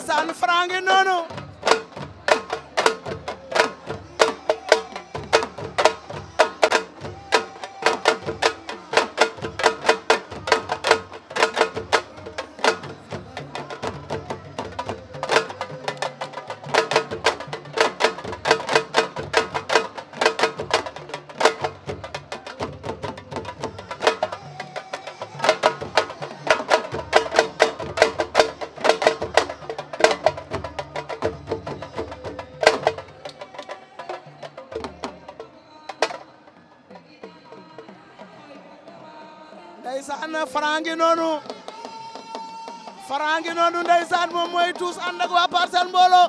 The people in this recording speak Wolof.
San Frank, não, não. ndeysaan Franc ngi noonu Franc ngi noonu ndeysaan moom mooy tuus ànd ak waa parcelle mbooloo